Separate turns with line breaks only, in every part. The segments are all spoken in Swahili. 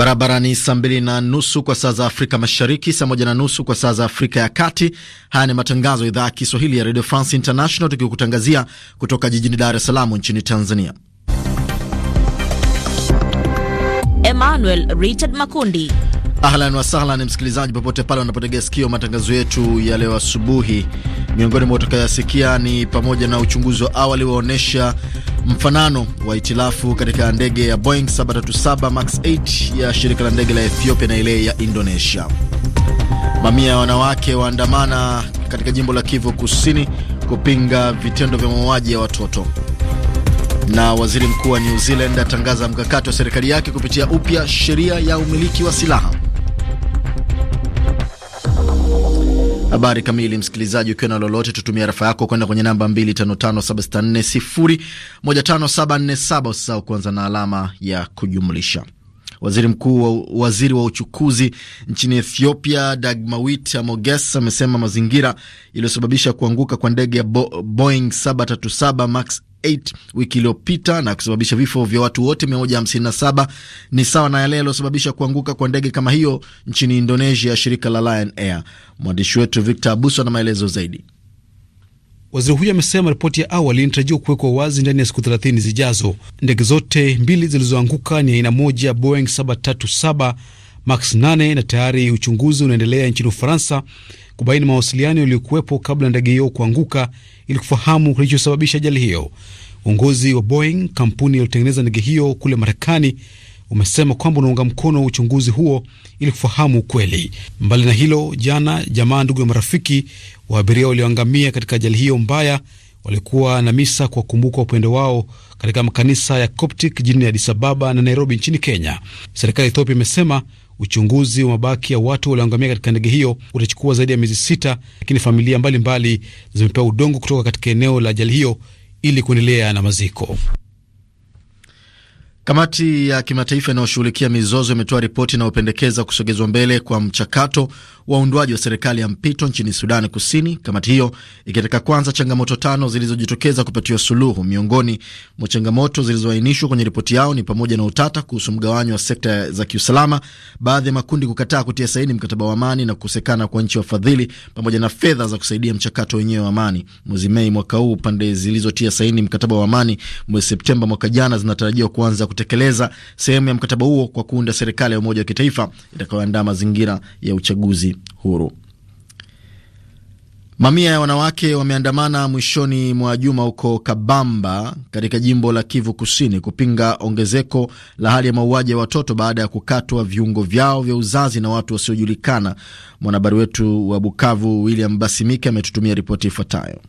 Barabara ni saa mbili na nusu kwa saa za Afrika Mashariki, saa moja na nusu kwa saa za Afrika ya Kati. Haya ni matangazo ya idhaa ya Kiswahili ya Radio France International, tukikutangazia kutoka jijini Dar es Salaam nchini Tanzania.
Emmanuel Richard Makundi.
Ahlan wasahlan, msikilizaji popote pale unapotega sikio matangazo yetu ya leo asubuhi. Miongoni mwa utakayasikia ni pamoja na uchunguzi wa awali waonyesha mfanano wa itilafu katika ndege ya Boeing 737 Max 8 ya shirika la ndege la Ethiopia na ile ya Indonesia. Mamia ya wanawake waandamana katika jimbo la Kivu Kusini kupinga vitendo vya mauaji ya watoto na waziri mkuu wa New Zealand atangaza mkakati wa serikali yake kupitia upya sheria ya umiliki wa silaha. Habari kamili, msikilizaji, ukiwa na lolote, tutumia rafa yako kwenda kwenye namba 255764015747. Usisahau kuanza na alama ya kujumlisha. Waziri mkuu wa, waziri wa uchukuzi nchini Ethiopia Dagmawit amoges amesema mazingira yaliyosababisha kuanguka kwa ndege ya Bo, Boeing 737 max 8 wiki iliyopita na kusababisha vifo vya watu wote 157 ni sawa na yale yaliyosababisha kuanguka kwa ndege kama hiyo nchini Indonesia, shirika la Lion Air. Mwandishi wetu Victor Abuso na maelezo
zaidi. Waziri huyo amesema ripoti ya awali inatarajiwa kuwekwa wazi ndani ya siku 30 zijazo. Ndege zote mbili zilizoanguka ni aina moja Boeing 737 Max 8 na tayari uchunguzi unaendelea nchini Ufaransa kubaini mawasiliano yaliyokuwepo kabla ndege hiyo kuanguka ili kufahamu kilichosababisha ajali hiyo. Uongozi wa Boeing, kampuni iliyotengeneza ndege hiyo kule Marekani, umesema kwamba unaunga mkono uchunguzi huo ili kufahamu ukweli. Mbali na hilo, jana jamaa, ndugu na marafiki wa abiria walioangamia katika ajali hiyo mbaya walikuwa na misa kuwakumbuka upendo wao katika makanisa ya Coptic jijini Addis Ababa na Nairobi nchini Kenya. Serikali ya Ethiopia imesema Uchunguzi wa mabaki ya watu walioangamia katika ndege hiyo utachukua zaidi ya miezi sita, lakini familia mbalimbali zimepewa udongo kutoka katika eneo la ajali hiyo ili kuendelea na maziko.
Kamati ya kimataifa inayoshughulikia mizozo imetoa ripoti inayopendekeza kusogezwa mbele kwa mchakato wa uundwaji wa serikali ya mpito nchini Sudani Kusini, kamati hiyo ikitaka kwanza changamoto tano zilizojitokeza kupatiwa suluhu. Miongoni mwa changamoto zilizoainishwa kwenye ripoti yao ni pamoja na utata kuhusu mgawanyo wa sekta za kiusalama, baadhi ya makundi kukataa kutia saini mkataba wa amani na kukosekana kwa nchi wafadhili, pamoja na fedha za kusaidia mchakato wenyewe wa amani. Mwezi Mei mwaka huu, pande zilizotia saini mkataba wa amani mwezi Septemba mwaka jana zinatarajiwa kuanza kutekeleza sehemu ya mkataba huo kwa kuunda serikali ya umoja wa kitaifa itakayoandaa mazingira ya uchaguzi huru. Mamia ya wanawake wameandamana mwishoni mwa juma huko Kabamba katika jimbo la Kivu Kusini kupinga ongezeko la hali ya mauaji ya watoto baada ya kukatwa viungo vyao vya uzazi na watu wasiojulikana. Mwanahabari wetu wa Bukavu William Basimike ametutumia
ripoti ifuatayo.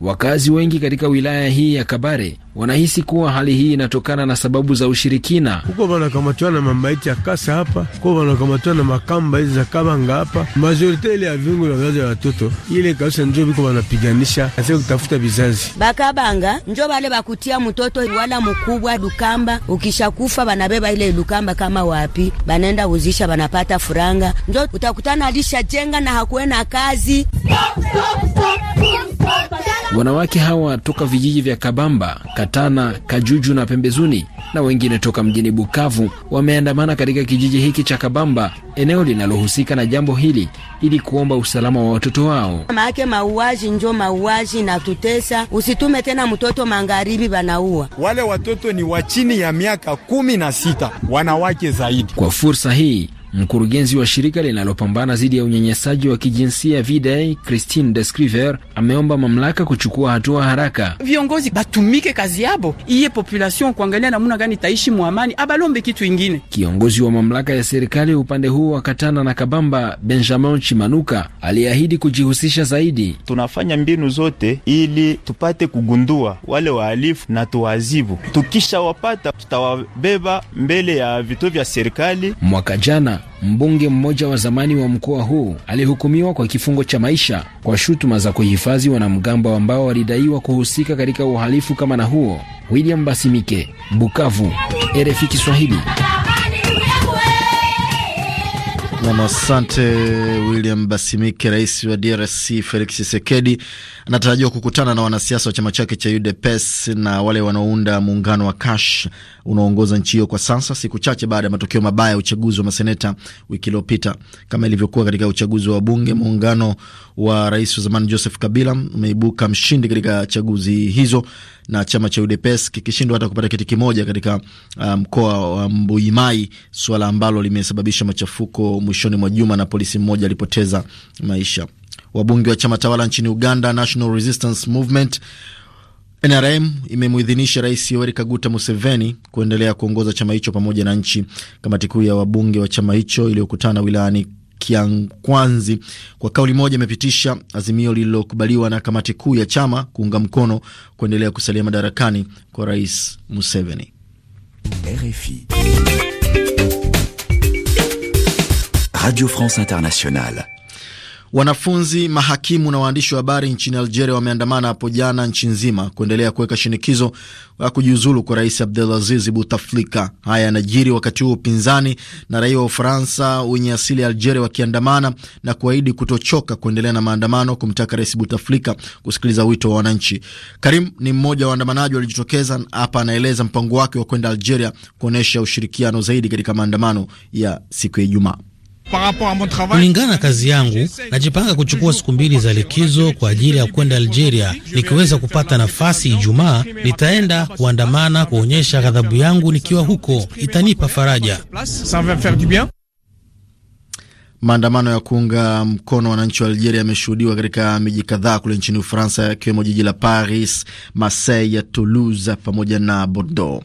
Wakazi wengi katika wilaya hii ya Kabare wanahisi kuwa hali hii inatokana na sababu za ushirikina.
Huko wanakamatiwa na mambaiti ya kasa hapa, ko wanakamatiwa na makamba hizi za kabanga hapa, majorite ile ya viungu vya vizazi vya watoto ile kabisa, njo viko wanapiganisha katika kutafuta vizazi.
Bakabanga njo vale bakutia mtoto wala mkubwa dukamba, ukishakufa vanabeba ile dukamba kama wapi, banaenda uzisha, banapata furanga, njo utakutana alishajenga na hakuwe na kazi Stop, stop, stop, stop, stop, stop, stop. Wanawake hawa toka vijiji vya Kabamba, Katana, Kajuju na pembezuni na wengine toka mjini Bukavu wameandamana katika kijiji hiki cha Kabamba, eneo linalohusika na jambo hili, ili kuomba usalama wa watoto wao. Maake mauaji njo mauaji na tutesa, usitume tena mtoto magharibi, wanaua wale
watoto ni wa chini ya miaka kumi na sita, wanawake zaidi.
Kwa fursa hii Mkurugenzi wa shirika linalopambana dhidi ya unyanyasaji wa kijinsia VDAI, Christine Descriver, ameomba mamlaka kuchukua hatua haraka.
Viongozi batumike kazi yabo, iye population kuangalia namuna gani taishi muamani, abalombe kitu ingine.
Kiongozi wa mamlaka ya serikali upande huu wa Katana na Kabamba, Benjamin Chimanuka, aliahidi kujihusisha zaidi. Tunafanya mbinu zote ili tupate kugundua wale wahalifu na tuwazibu. Tukishawapata tutawabeba mbele ya vituo vya serikali. Mwaka jana mbunge mmoja wa zamani wa mkoa huu alihukumiwa kwa kifungo cha maisha kwa shutuma za kuhifadhi wanamgambo ambao walidaiwa kuhusika katika uhalifu kama na huo. William Basimike, Bukavu, RFI Kiswahili.
Nam, asante William Basimike. Rais wa DRC Felix chisekedi anatarajiwa kukutana na wanasiasa wa chama chake cha UDPS na wale wanaounda muungano wa Kash unaoongoza nchi hiyo kwa sasa, siku chache baada ya matokeo mabaya ya uchaguzi wa maseneta wiki iliyopita. Kama ilivyokuwa katika uchaguzi wa bunge, muungano wa rais wa zamani Joseph Kabila umeibuka mshindi katika chaguzi hizo na chama cha UDPS kikishindwa hata kupata kiti kimoja katika uh, mkoa um, wa Mbuimai, suala ambalo limesababisha machafuko mwishoni mwa juma na polisi mmoja alipoteza maisha. Wabunge wa chama tawala nchini Uganda, National Resistance Movement NRM imemuidhinisha Rais Yoweri Kaguta Museveni kuendelea kuongoza chama hicho pamoja na nchi. Kamati kuu ya wabunge wa chama hicho iliyokutana wilayani Kiankwanzi kwa kauli moja imepitisha azimio lililokubaliwa na kamati kuu ya chama kuunga mkono kuendelea kusalia madarakani kwa Rais Museveni. RFI. Radio France Internationale. Wanafunzi, mahakimu na waandishi wa habari nchini Algeria wameandamana hapo jana nchi nzima kuendelea kuweka shinikizo la kujiuzulu kwa rais Abdelaziz Bouteflika. Haya yanajiri wakati huo upinzani na raia wa Ufaransa wenye asili ya Algeria wakiandamana na kuahidi kutochoka kuendelea na maandamano kumtaka rais Bouteflika kusikiliza wito wa wananchi. Karim ni mmoja wa waandamanaji walijitokeza hapa, anaeleza mpango wake wa kwenda Algeria kuonyesha ushirikiano zaidi katika maandamano ya siku ya Ijumaa.
Kulingana na kazi yangu, najipanga kuchukua siku mbili za likizo kwa ajili ya kwenda Algeria. Nikiweza kupata nafasi Ijumaa, nitaenda kuandamana kuonyesha ghadhabu yangu. Nikiwa huko itanipa faraja.
Maandamano ya kuunga mkono wananchi wa Algeria yameshuhudiwa katika miji kadhaa kule nchini Ufaransa, yakiwemo jiji la Paris, Marseille, Toulouse pamoja na Bordeaux.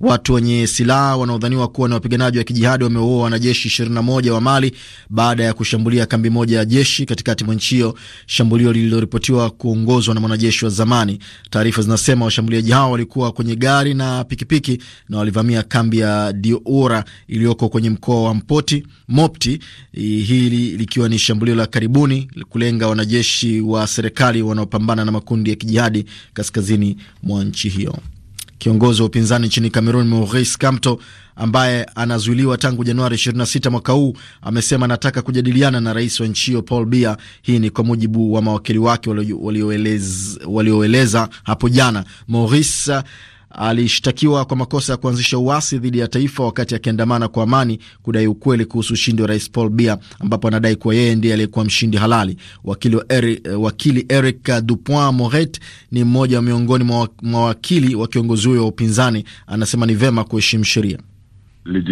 Watu wenye silaha wanaodhaniwa kuwa ni wapiganaji wa kijihadi wameua wanajeshi 21 wa Mali baada ya kushambulia kambi moja ya jeshi katikati mwa nchi hiyo, shambulio lililoripotiwa kuongozwa na mwanajeshi wa zamani. Taarifa zinasema washambuliaji hao walikuwa kwenye gari na pikipiki na walivamia kambi ya Diora iliyoko kwenye mkoa wa Mpoti, Mopti, hili likiwa ni shambulio la karibuni kulenga wanajeshi wa serikali wanaopambana na makundi ya kijihadi kaskazini mwa nchi hiyo. Kiongozi wa upinzani nchini cameroon Maurice Kamto, ambaye anazuiliwa tangu Januari 26 mwaka huu, amesema anataka kujadiliana na rais wa nchi hiyo Paul Biya. Hii ni kwa mujibu wa mawakili wake walioeleza hapo jana. Maurice alishtakiwa kwa makosa ya kuanzisha uasi dhidi ya taifa wakati akiandamana kwa amani kudai ukweli kuhusu ushindi wa rais Paul Bia, ambapo anadai kuwa yeye ndiye aliyekuwa mshindi halali. Wakili, eri, wakili Eric Dupont Moret ni mmoja miongoni mwa wakili wa kiongozi huyo wa upinzani, anasema ni vema kuheshimu sheria.
Euh,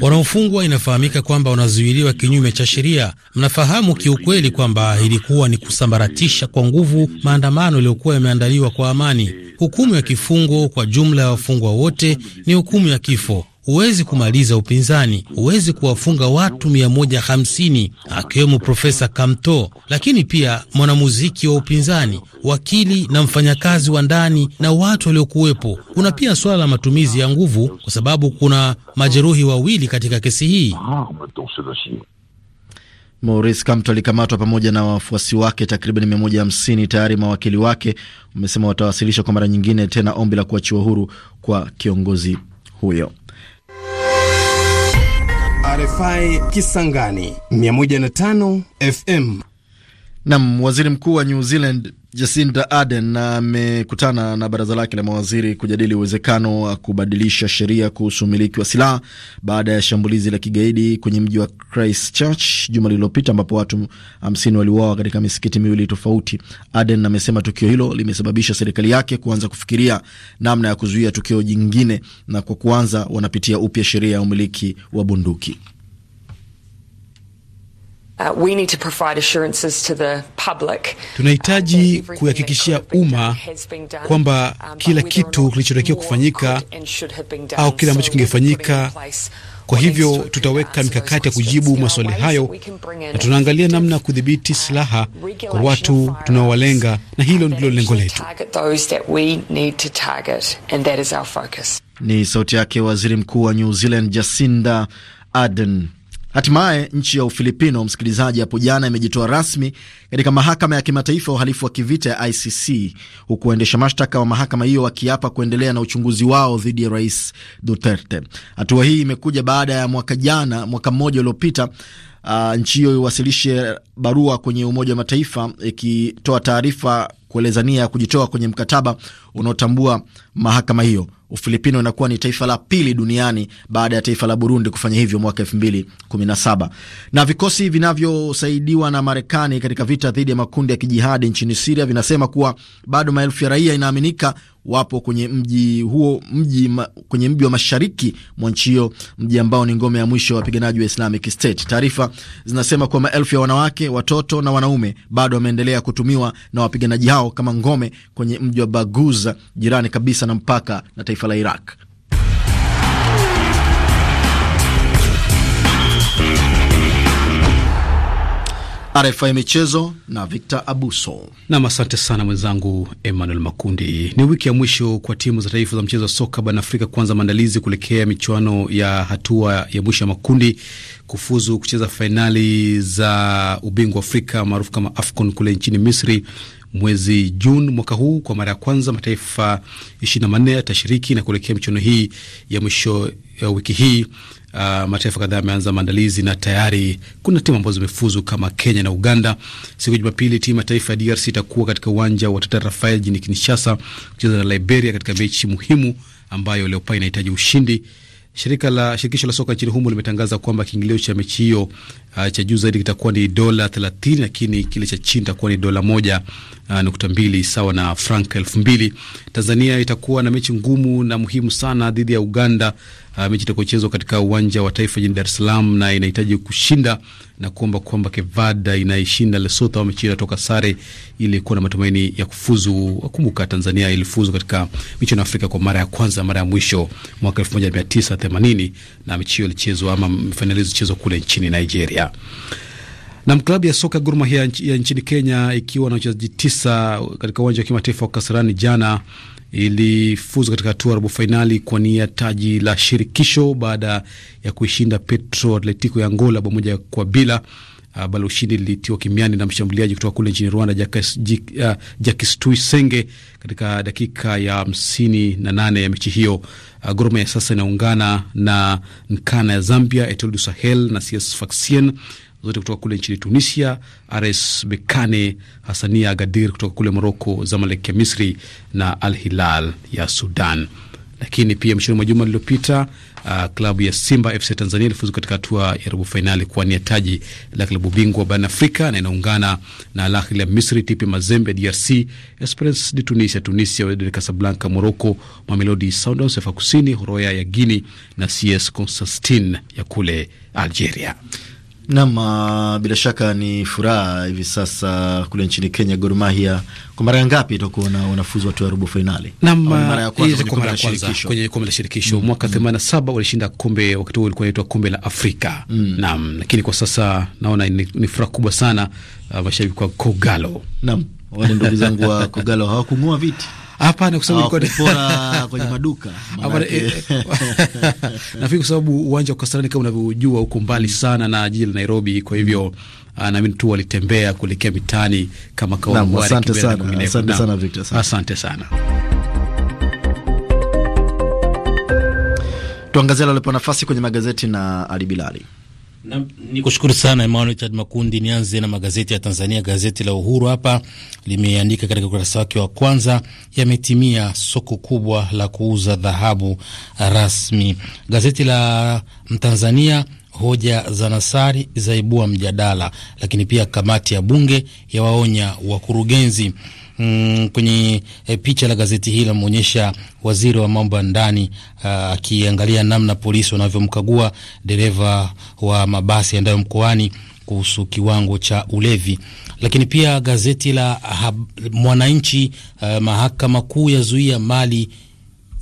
Wanaofungwa inafahamika kwamba wanazuiliwa kinyume cha sheria. Mnafahamu kiukweli kwamba ilikuwa ni kusambaratisha kwa nguvu maandamano yaliyokuwa yameandaliwa kwa amani. Hukumu ya kifungo kwa jumla ya wafungwa wote ni hukumu ya kifo huwezi kumaliza upinzani, huwezi kuwafunga watu 150 akiwemo Profesa Kamto, lakini pia mwanamuziki wa upinzani, wakili na mfanyakazi wa ndani na watu waliokuwepo. Kuna pia suala la matumizi ya nguvu, kwa sababu kuna majeruhi wawili katika kesi hii.
Maurice Kamto alikamatwa pamoja na wafuasi wake takriban 150. Tayari mawakili wake wamesema watawasilisha kwa mara nyingine tena ombi la kuachiwa huru kwa kiongozi huyo. RFI Kisangani 105 FM. Nam waziri mkuu wa New Zealand Jacinda Ardern amekutana na baraza lake la mawaziri kujadili uwezekano wa kubadilisha sheria kuhusu umiliki wa silaha baada ya shambulizi la kigaidi kwenye mji wa Christchurch juma lililopita ambapo watu 50 waliuawa katika misikiti miwili tofauti. Ardern amesema tukio hilo limesababisha serikali yake kuanza kufikiria namna ya kuzuia tukio jingine, na kwa kuanza wanapitia upya sheria ya umiliki wa bunduki.
Uh, uh,
Tunahitaji kuhakikishia umma kwamba um, kila kitu kilichotakiwa kufanyika au kile ambacho kingefanyika. Kwa hivyo tutaweka mikakati ya kujibu maswali hayo, na tunaangalia namna ya kudhibiti uh, silaha kwa watu tunaowalenga, na hilo ndilo lengo letu.
Ni sauti yake Waziri Mkuu wa New Zealand Jacinda Ardern. Hatimaye nchi ya Ufilipino, msikilizaji, hapo jana imejitoa rasmi katika mahakama ya kimataifa ya uhalifu wa kivita ya ICC, huku waendesha mashtaka wa mahakama hiyo wakiapa kuendelea na uchunguzi wao dhidi ya Rais Duterte. Hatua hii imekuja baada ya mwaka jana, mwaka mmoja uliopita, uh, nchi hiyo iwasilishe barua kwenye Umoja wa Mataifa ikitoa taarifa kueleza nia ya kujitoa kwenye mkataba unaotambua mahakama hiyo. Ufilipino inakuwa ni taifa la pili duniani baada ya taifa la Burundi kufanya hivyo mwaka elfu mbili kumi Na saba. Na vikosi vinavyosaidiwa na Marekani katika vita dhidi ya makundi ya kijihadi nchini Siria vinasema kuwa bado maelfu ya raia inaaminika wapo kwenye mji huo mji ma, kwenye mji wa mashariki mwa nchi hiyo, mji ambao ni ngome ya mwisho ya wapiganaji wa Islamic State. Taarifa zinasema kuwa maelfu ya wanawake, watoto na wanaume bado wameendelea kutumiwa na wapiganaji hao kama ngome kwenye mji wa Baguz Navruz, jirani kabisa na mpaka na taifa la Iraq. RFI Michezo na Victor Abuso.
Nam, asante sana mwenzangu Emmanuel Makundi. Ni wiki ya mwisho kwa timu za taifa za mchezo wa soka barani Afrika kuanza maandalizi kuelekea michuano ya hatua ya mwisho ya makundi kufuzu kucheza fainali za ubingwa Afrika maarufu kama AFCON kule nchini Misri mwezi Juni mwaka huu. Kwa mara ya kwanza mataifa 24 yatashiriki na kuelekea michuano hii ya mwisho ya wiki hii. Uh, mataifa kadhaa yameanza maandalizi na tayari kuna timu ambazo zimefuzu kama Kenya na Uganda. Siku ya Jumapili timu ya taifa ya DRC itakuwa katika uwanja wa Tata Rafael jini Kinshasa kucheza na Liberia katika mechi muhimu ambayo Leopards inahitaji ushindi Shirika la shirikisho la soka nchini humo limetangaza kwamba kiingilio cha mechi hiyo uh, cha juu zaidi kitakuwa ni dola 30 lakini kile cha chini itakuwa ni dola moja uh, nukta mbili sawa na frank elfu mbili. Tanzania itakuwa na mechi ngumu na muhimu sana dhidi ya Uganda uh, mechi itakochezwa katika uwanja wa taifa jijini Dar es Salaam, na inahitaji kushinda na kuomba kwamba Kevada inaishinda Lesotho, au mechi inatoka sare ili kuwa na matumaini ya kufuzu. Kumbuka Tanzania ilifuzu katika michuano ya Afrika kwa mara ya kwanza, mara ya mwisho mwaka 1980 na mechi hiyo ilichezwa ama fainali zilichezwa kule nchini Nigeria na klabu ya soka Gor Mahia ya nchini Kenya ikiwa na wachezaji tisa katika uwanja wa kimataifa wa Kasarani jana ilifuzu katika hatua robo fainali kwa nia taji la shirikisho baada ya kuishinda Petro Atletico ya Angola bao moja kwa bila. Uh, ah, bali ushindi lilitiwa kimiani na mshambuliaji kutoka kule nchini Rwanda Jakis ah, uh, Tuisenge katika dakika ya hamsini na nane ya mechi hiyo. Uh, Gor Mahia sasa inaungana na Nkana ya Zambia, Etoile du Sahel na CS Sfaxien zote kutoka kule nchini Tunisia, RS Bekane, Hasania Agadir kutoka kule Moroko, Zamalek ya Misri na Al Hilal ya Sudan. Lakini pia mwishoni mwa juma lililopita, uh, klabu ya Simba FC Tanzania ilifuzu katika hatua ya robo fainali kuwania taji la klabu bingwa barani Afrika na inaungana na Al Ahly ya Misri, TP Mazembe DRC, Esperance de Tunisia Tunisia, Wydad Casablanca Morocco, Mamelodi Sundowns ya Kusini, Horoya ya Guinea na CS Constantine ya kule Algeria.
Nam, ah, bila shaka ni furaha hivi sasa kule nchini Kenya, Gor Mahia. Kwa mara ngapi itakuwa na wanafunzi watu wa robo fainali? Nam, mara ya ah, kwanza kwenye kombe la shirikisho, kwenye
kombe la shirikisho mwaka 87 mm. walishinda kombe, wakati huo ilikuwa inaitwa kombe la Afrika. Mm. Nam, lakini kwa sasa naona ni furaha kubwa sana ah, mashabiki kwa Kogalo. Nam, wale ndugu zangu wa Kogalo hawakung'oa viti Hapana, kwa sababu ah, ilikuwa kwenye maduka eh, eh, nafikiri, kwa sababu uwanja wa Kasarani kama unavyojua uko mbali mm. sana na jiji la Nairobi, kwa hivyo mm. ah, naamini tu walitembea kuelekea mitani kama kawaida. Asante sana, asante sana Victor, asante sana.
Tuangazie leo nafasi kwenye
magazeti na Ali Bilali.
Na, ni kushukuru sana Emmanuel Chad Makundi. Nianze na magazeti ya Tanzania. Gazeti la Uhuru hapa limeandika katika ukurasa wake wa kwanza, yametimia soko kubwa la kuuza dhahabu rasmi. Gazeti la Mtanzania, hoja za Nasari zaibua mjadala, lakini pia kamati ya bunge yawaonya wakurugenzi Mm, kwenye e, picha la gazeti hili linamuonyesha waziri wa mambo ya ndani ah, akiangalia namna polisi wanavyomkagua dereva wa mabasi yaendayo mkoani kuhusu kiwango cha ulevi. Lakini pia gazeti la Mwananchi, ah, mahakama kuu yazuia mali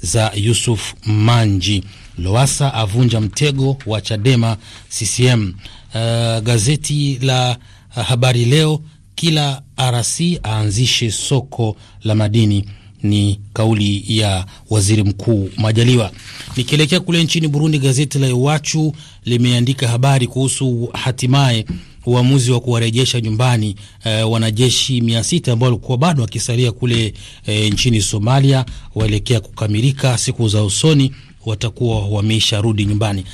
za Yusuf Manji. Lowasa avunja mtego wa Chadema CCM. Uh, ah, gazeti la habari leo kila RC aanzishe soko la madini ni kauli ya waziri mkuu Majaliwa. Nikielekea kule nchini Burundi, gazeti la Iwachu limeandika habari kuhusu hatimaye uamuzi wa kuwarejesha nyumbani e, wanajeshi mia sita ambao walikuwa bado wakisalia kule e, nchini Somalia, waelekea kukamilika siku za usoni, watakuwa wameisha rudi nyumbani.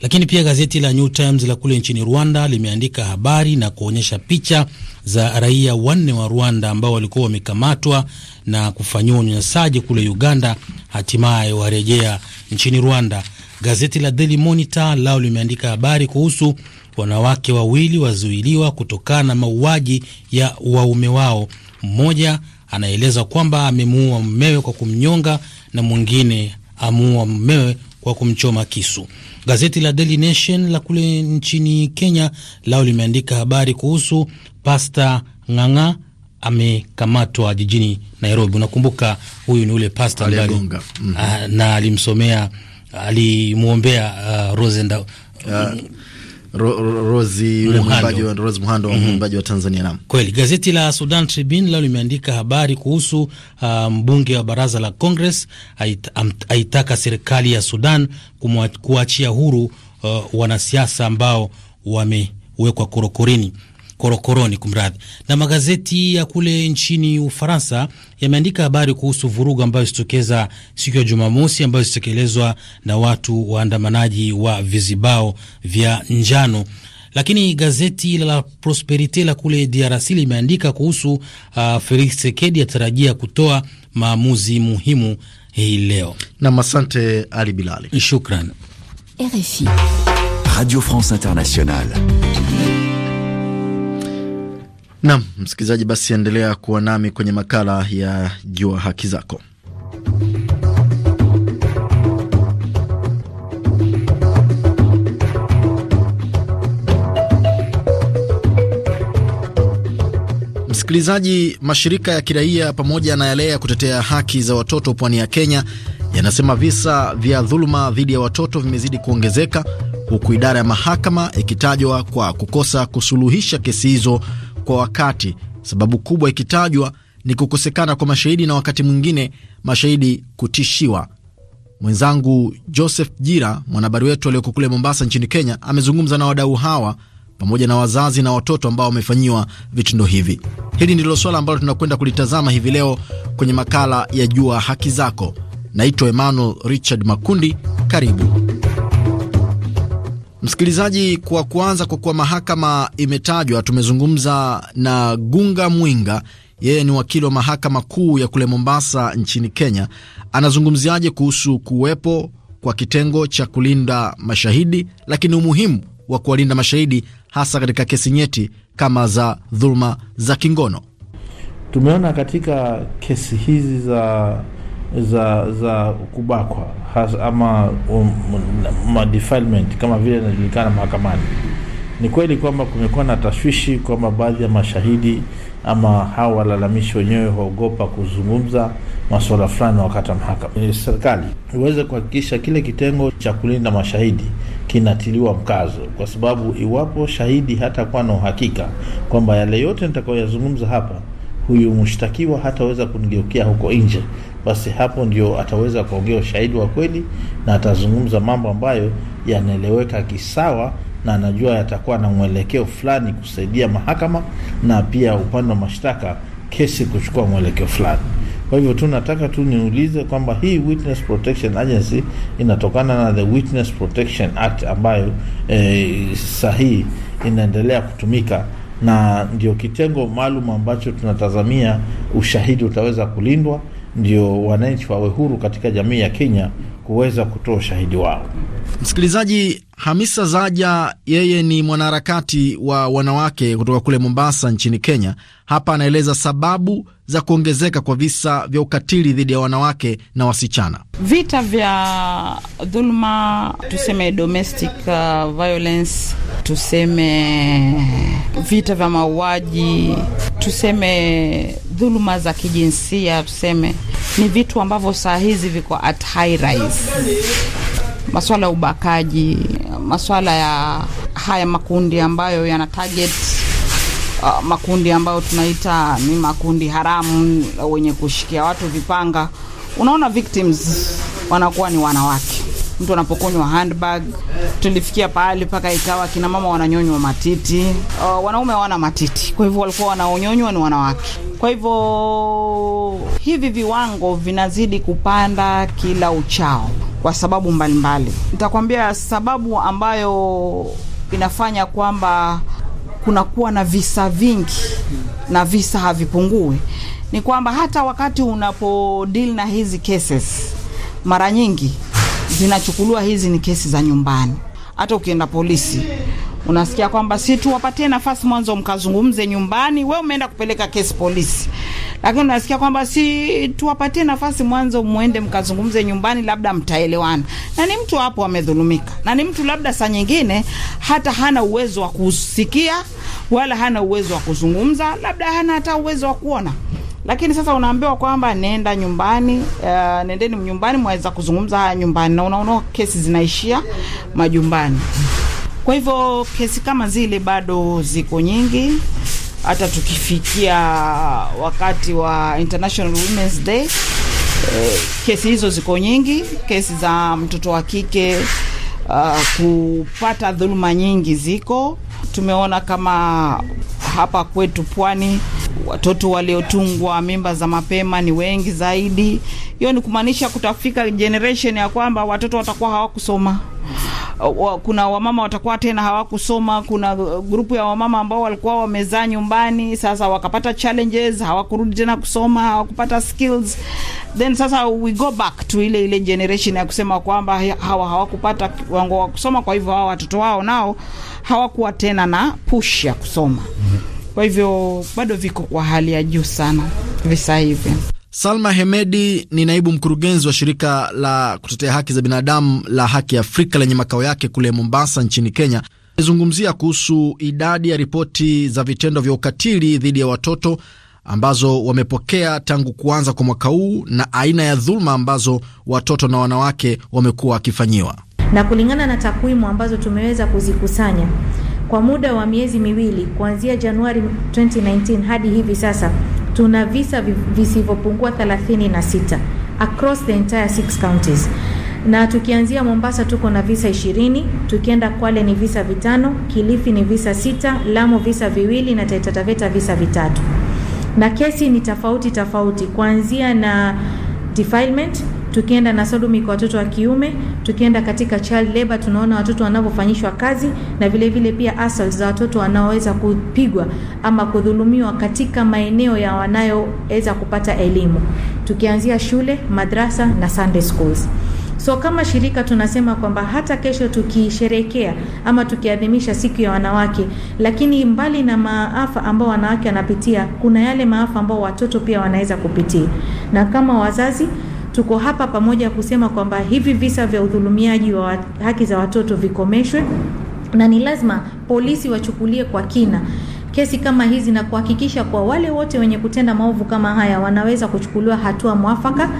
Lakini pia gazeti la New Times la kule nchini Rwanda limeandika habari na kuonyesha picha za raia wanne wa Rwanda ambao walikuwa wamekamatwa na kufanyiwa unyanyasaji kule Uganda, hatimaye warejea nchini Rwanda. Gazeti la Daily Monitor lao limeandika habari kuhusu wanawake wawili wazuiliwa kutokana na mauaji ya waume wao. Mmoja anaeleza kwamba amemuua mmewe kwa kumnyonga na mwingine amuua mmewe kwa kumchoma kisu. Gazeti la Daily Nation la kule nchini Kenya lao limeandika habari kuhusu Pasta Ng'ang'a amekamatwa jijini Nairobi. Unakumbuka huyu ni ule pasta ambaye mm
-hmm.
na alimsomea alimwombea uh, ah, Rosenda uh, ah, Rose Muhando mwimbaji
wa mhm. Tanzania
Kweli gazeti la Sudan Tribune leo limeandika habari kuhusu uh, mbunge wa baraza la Congress ait, aitaka serikali ya Sudan kuachia huru uh, wanasiasa ambao wamewekwa korokorini korokoroni, kumradhi. Na magazeti ya kule nchini Ufaransa yameandika habari kuhusu vurugu ambayo zitokeza siku ya Jumamosi, ambayo zitekelezwa na watu waandamanaji wa vizibao vya njano lakini gazeti la Prosperite la kule DRC limeandika kuhusu uh, Felix Tshisekedi atarajia kutoa maamuzi muhimu hii leo. Na asante Ali Bilali, shukran. RFI Radio France
Internationale nam msikilizaji, basi endelea kuwa nami kwenye makala ya Jua Haki Zako. Msikilizaji, mashirika ya kiraia pamoja na yale ya kutetea haki za watoto pwani ya Kenya yanasema visa vya dhuluma dhidi ya watoto vimezidi kuongezeka, huku idara ya mahakama ikitajwa kwa kukosa kusuluhisha kesi hizo kwa wakati, sababu kubwa ikitajwa ni kukosekana kwa mashahidi na wakati mwingine mashahidi kutishiwa. Mwenzangu Joseph Jira, mwanahabari wetu aliyoko kule Mombasa nchini Kenya, amezungumza na wadau hawa pamoja na wazazi na watoto ambao wamefanyiwa vitendo hivi. Hili ndilo suala ambalo tunakwenda kulitazama hivi leo kwenye makala ya Jua Haki Zako. Naitwa Emmanuel Richard Makundi. Karibu. Msikilizaji, kwa kuanza, kwa kuwa mahakama imetajwa, tumezungumza na Gunga Mwinga, yeye ni wakili wa mahakama kuu ya kule Mombasa nchini Kenya. Anazungumziaje kuhusu kuwepo kwa kitengo cha kulinda mashahidi, lakini umuhimu wa kuwalinda mashahidi hasa katika kesi nyeti kama za dhuluma za kingono?
Tumeona katika kesi hizi za za za kubakwa hasa ama um, defilement kama vile inajulikana mahakamani. Ni kweli kwamba kumekuwa na tashwishi kwamba baadhi ya mashahidi ama hawa walalamishi wenyewe waogopa kuzungumza masuala fulani wakati wa mahakama. Serikali iweze kuhakikisha kile kitengo cha kulinda mashahidi kinatiliwa mkazo, kwa sababu iwapo shahidi hata kuwa na uhakika kwamba yale yote nitakayoyazungumza hapa huyu mshtakiwa hataweza kunigeukia huko nje, basi hapo ndio ataweza kuongea ushahidi wa kweli na atazungumza mambo ambayo yanaeleweka kisawa na anajua yatakuwa na mwelekeo fulani kusaidia mahakama na pia upande wa mashtaka kesi kuchukua mwelekeo fulani. Kwa hivyo tu nataka tu niulize kwamba hii Witness Protection Agency inatokana na the Witness Protection Act ambayo eh, sahihi inaendelea kutumika na ndio kitengo maalum ambacho tunatazamia ushahidi utaweza kulindwa, ndio wananchi wawe huru katika jamii ya Kenya kuweza kutoa ushahidi wao.
Msikilizaji, Hamisa Zaja yeye ni mwanaharakati wa wanawake kutoka kule Mombasa nchini Kenya. Hapa anaeleza sababu za kuongezeka kwa visa vya ukatili dhidi ya wanawake na wasichana.
Vita vya dhuluma, tuseme domestic uh, violence, tuseme vita vya mauaji, tuseme dhuluma za kijinsia, tuseme ni vitu ambavyo saa hizi viko at high rise. Maswala ya ubakaji, maswala ya haya makundi ambayo yana target uh, makundi ambayo tunaita ni makundi haramu wenye kushikia watu vipanga. Unaona, victims wanakuwa ni wanawake mtu anapokunywa handbag. Tulifikia pahali mpaka ikawa kina mama wananyonywa matiti. Uh, wanaume hawana matiti, kwa hivyo walikuwa wanaonyonywa ni wanawake. Kwa hivyo hivi viwango vinazidi kupanda kila uchao kwa sababu mbalimbali. Nitakwambia sababu ambayo inafanya kwamba kunakuwa na visa vingi na visa havipungue, ni kwamba hata wakati deal na hizi cases, mara nyingi zinachukuliwa hizi ni kesi za nyumbani. Hata ukienda polisi unasikia kwamba si tuwapatie nafasi mwanzo mkazungumze nyumbani, we umeenda kupeleka kesi polisi, lakini unasikia kwamba si tuwapatie nafasi mwanzo, muende mkazungumze nyumbani, labda mtaelewana. Na ni mtu hapo amedhulumika, na ni mtu labda saa nyingine hata hana uwezo wa kusikia wala hana uwezo wa kuzungumza, labda hana hata uwezo wa kuona lakini sasa unaambiwa kwamba nenda nyumbani, uh, nendeni nyumbani, mwaweza kuzungumza haya nyumbani, na unaona kesi zinaishia majumbani. Kwa hivyo kesi kama zile bado ziko nyingi, hata tukifikia wakati wa International Women's Day eh, kesi hizo ziko nyingi, kesi za mtoto wa kike uh, kupata dhuluma nyingi ziko. Tumeona kama hapa kwetu Pwani watoto waliotungwa mimba za mapema ni wengi zaidi. Hiyo ni kumaanisha kutafika generation ya kwamba watoto watakuwa hawakusoma Uh, wa, kuna wamama watakuwa tena hawakusoma. Kuna uh, grupu ya wamama ambao walikuwa wamezaa nyumbani, sasa wakapata challenges, hawakurudi tena kusoma, hawakupata skills. Then sasa we go back to ile ile generation ya kusema kwamba hawa hawakupata wango wa kusoma, kwa hivyo hawa watoto wao nao hawakuwa tena na push ya kusoma. Kwa hivyo bado viko kwa hali ya juu sana visa hivi. Salma
Hemedi ni naibu mkurugenzi wa shirika la kutetea haki za binadamu la Haki Afrika lenye makao yake kule Mombasa nchini Kenya. Amezungumzia kuhusu idadi ya ripoti za vitendo vya ukatili dhidi ya watoto ambazo wamepokea tangu kuanza kwa mwaka huu na aina ya dhuluma ambazo watoto na wanawake wamekuwa wakifanyiwa.
Na kulingana na takwimu ambazo tumeweza kuzikusanya kwa muda wa miezi miwili kuanzia Januari 2019 hadi hivi sasa tuna visa visivyopungua 36 across the entire six counties na tukianzia Mombasa tuko na visa ishirini, tukienda Kwale ni visa vitano, Kilifi ni visa sita, Lamu visa viwili na Taita Taveta visa vitatu. Na kesi ni tofauti tofauti kuanzia na defilement Tukienda na sodomi kwa watoto wa kiume, tukienda katika child labor, tunaona watoto wanavyofanyishwa kazi na vile vile pia assault za watoto wanaoweza kupigwa ama kudhulumiwa katika maeneo ya wanayoweza kupata elimu, tukianzia shule, madrasa na Sunday schools. So kama shirika tunasema kwamba hata kesho tukisherekea ama tukiadhimisha siku ya wanawake, lakini mbali na maafa ambao wanawake wanapitia, kuna yale maafa ambao watoto pia wanaweza kupitia, na kama wazazi Tuko hapa pamoja kusema kwamba hivi visa vya udhulumiaji wa haki za watoto vikomeshwe, na ni lazima polisi wachukulie kwa kina kesi kama hizi na kuhakikisha kwa wale wote wenye kutenda maovu kama haya wanaweza kuchukuliwa hatua mwafaka,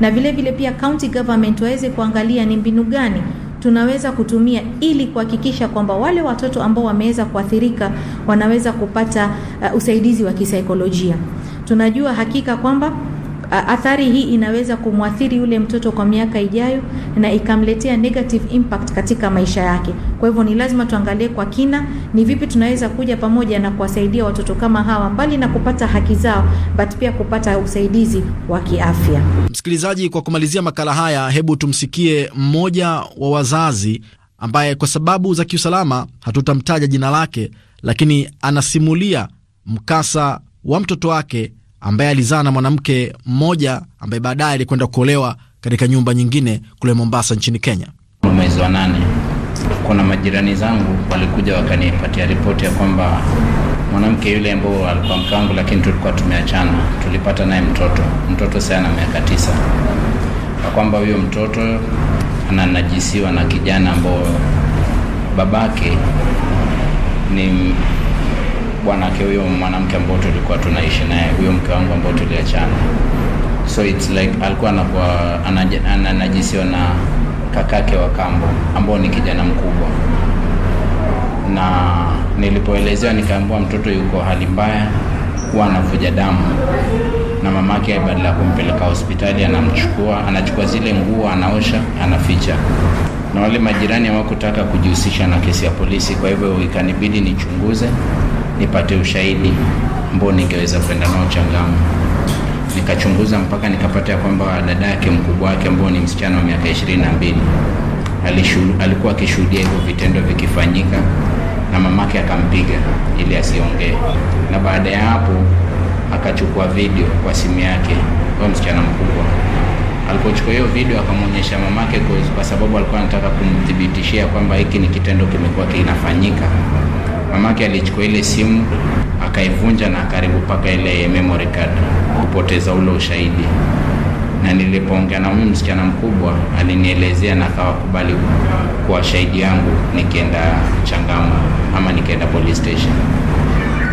na vile vile pia county government waweze kuangalia ni mbinu gani tunaweza kutumia ili kuhakikisha kwamba wale watoto ambao wameweza kuathirika wanaweza kupata uh, usaidizi wa kisaikolojia. Tunajua hakika kwamba athari hii inaweza kumwathiri yule mtoto kwa miaka ijayo na ikamletea negative impact katika maisha yake. Kwa hivyo ni lazima tuangalie kwa kina ni vipi tunaweza kuja pamoja na kuwasaidia watoto kama hawa, mbali na kupata haki zao, but pia kupata usaidizi wa kiafya.
Msikilizaji, kwa kumalizia makala haya, hebu tumsikie mmoja wa wazazi ambaye kwa sababu za kiusalama hatutamtaja jina lake, lakini anasimulia mkasa wa mtoto wake ambaye alizaa na mwanamke mmoja ambaye baadaye alikwenda kuolewa katika nyumba nyingine kule Mombasa nchini Kenya.
Mwezi wa nane, kuna majirani zangu walikuja wakanipatia ripoti ya kwamba mwanamke yule ambao alikuwa mke wangu, lakini tulikuwa tumeachana, tulipata naye mtoto, mtoto sasa ana miaka tisa, kwa kwamba huyo mtoto ananajisiwa na kijana ambao babake ni bwanake huyo mwanamke ambao tulikuwa tunaishi naye huyo mke wangu ambao tuliachana so it's like alikuwa anakuwa ananajisiwa na kakake wa kambo ambao ni kijana mkubwa na nilipoelezewa nikaambiwa mtoto yuko hali mbaya huwa anavuja damu na mamake badala ya kumpeleka hospitali anamchukua anachukua zile nguo anaosha anaficha na wale majirani hawakutaka kujihusisha na kesi ya polisi kwa hivyo ikanibidi nichunguze nipate ushahidi ambao ningeweza kwenda nao Changamwe. Nikachunguza mpaka nikapata ya kwamba dada yake mkubwa wake ambao ni msichana wa miaka ishirini na mbili alikuwa akishuhudia hivyo vitendo vikifanyika, na mamake akampiga ili asiongee, na baada ya hapo akachukua video kwa simu yake, kwa msichana mkubwa alipochukua hiyo video akamwonyesha mamake, kwa sababu alikuwa anataka kumthibitishia kwamba hiki ni kitendo kimekuwa kinafanyika. Mamake alichukua ile simu akaivunja na karibu paka ile memory card kupoteza ule ushahidi, na nilipoongea na mimi msichana mkubwa alinielezea na akawakubali kuwa shahidi yangu, nikienda Changamwe ama nikaenda police station.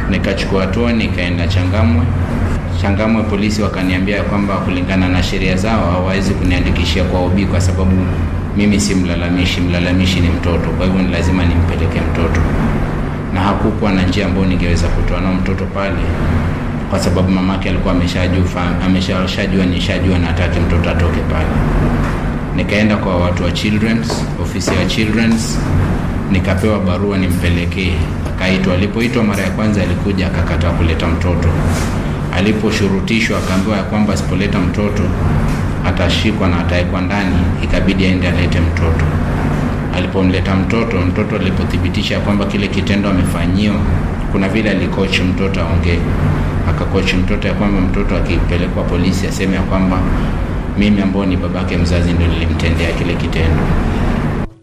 Nikachukua hatua, nikaenda Changamwe. Changamwe polisi wakaniambia kwamba kulingana na sheria zao hawawezi kuniandikishia kwa ubi kwa sababu mimi si mlalamishi, mlalamishi ni mtoto, kwa hivyo ni lazima nimpeleke mtoto hakukuwa na njia ambayo ningeweza kutoa nao mtoto pale, kwa sababu mamake alikuwa ameshajua nishajua na hataki mtoto atoke pale. Nikaenda kwa watu wa children's, ofisi ya children's, nikapewa barua nimpelekee. Akaitwa, alipoitwa mara ya kwanza alikuja akakataa kuleta mtoto. Aliposhurutishwa akaambiwa ya kwamba asipoleta mtoto atashikwa na atawekwa ndani, ikabidi aende alete mtoto alipomleta mtoto, mtoto alipothibitisha kwamba kile kitendo amefanyiwa, kuna vile alikoach mtoto aongee, akakoach mtoto ya kwamba mtoto akipelekwa polisi aseme ya kwamba mimi ambao ni babake mzazi ndo nilimtendea kile kitendo.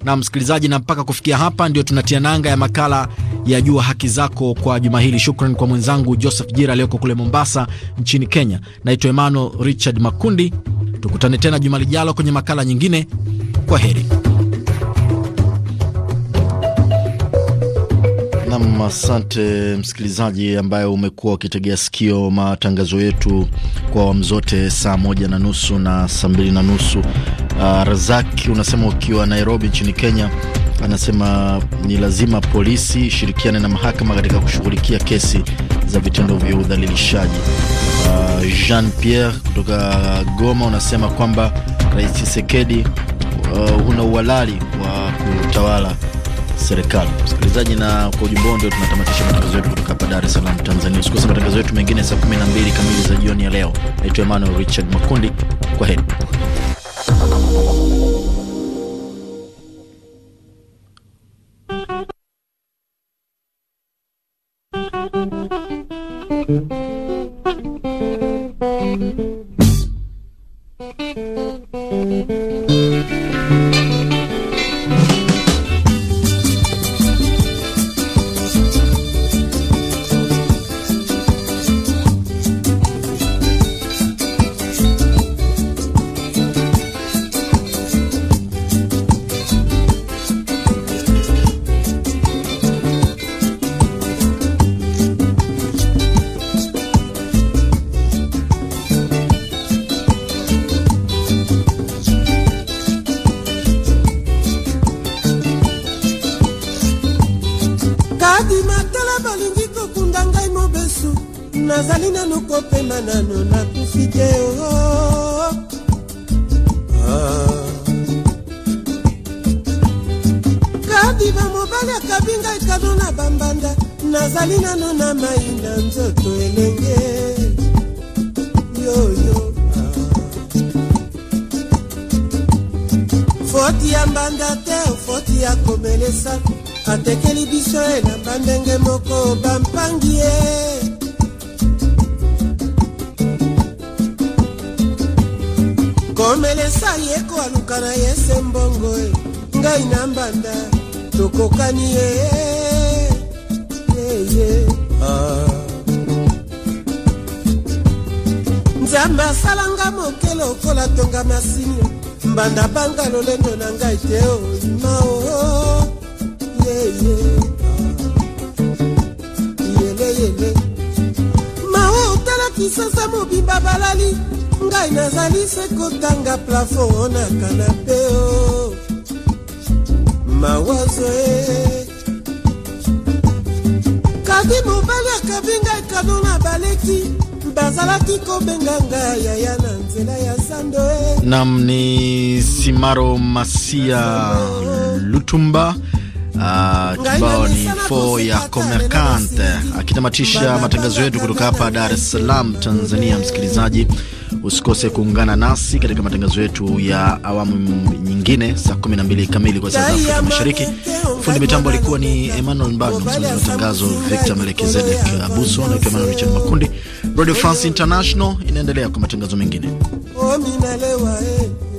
Na msikilizaji, na mpaka kufikia hapa ndio tunatia nanga ya makala
ya Jua Haki Zako kwa juma hili. Shukran kwa mwenzangu Joseph Jira aliyoko kule Mombasa nchini Kenya. Naitwa Emmanuel Richard Makundi. Tukutane tena juma lijalo kwenye makala nyingine. Kwa heri. Nam, asante msikilizaji ambaye umekuwa ukitegea sikio matangazo yetu kwa awamu zote, saa moja na nusu na saa mbili na nusu. Uh, ah, Razaki unasema ukiwa Nairobi nchini Kenya, anasema ni lazima polisi ishirikiane na mahakama katika kushughulikia kesi za vitendo vya udhalilishaji. Uh, ah, Jean Pierre kutoka Goma unasema kwamba Rais Tshisekedi uh, huna uhalali wa kutawala serikali. Msikilizaji, na kwa ujumbe ndio tunatamatisha matangazo yetu kutoka hapa Dar es Salaam, Tanzania. Usikose matangazo yetu mengine saa 12 kamili za jioni ya leo. Naitwa Emmanuel Richard Makundi, kwa heri.
nazali nanu kopema nano nakufi te oo ah. kadi bamobali akabi ngai kado na bambanda nazali nano na mai na nzoto elenge yoyo ah. foti ya mbanda te foti ya komelesa atekeli biso elamba ndenge moko bampangi ye komelesa ye koaluka na ye se mbongo e ngai na mbanda tokokani ye yeye ah. nzambe asalanga moke lokola tonga masini mbanda banga lolendo na ngai te oyima o yeye ah. yele yele mao otala kisasa mobimba balali ngai nazali se kotanga plafo na kanape o oh. mawazo e eh. kadi mobali akabi ngai kano na baleki bazalaki kobenga ngai yaya na nzela ya sando e
nam ni simaro masia lutumba kibao ni fo ya Komerkante akitamatisha matangazo yetu kutoka hapa Dar es Salaam Tanzania. Msikilizaji Usikose kuungana nasi katika matangazo yetu ya awamu nyingine saa 12 kamili kwa saa za Afrika Mashariki. Fundi mitambo alikuwa ni Emmanuel Mbano, msimamizi wa matangazo Victor Melekizedek Abuso, naitwa Emmanuel Richard Makundi. Radio France International inaendelea kwa matangazo mengine.
Oh,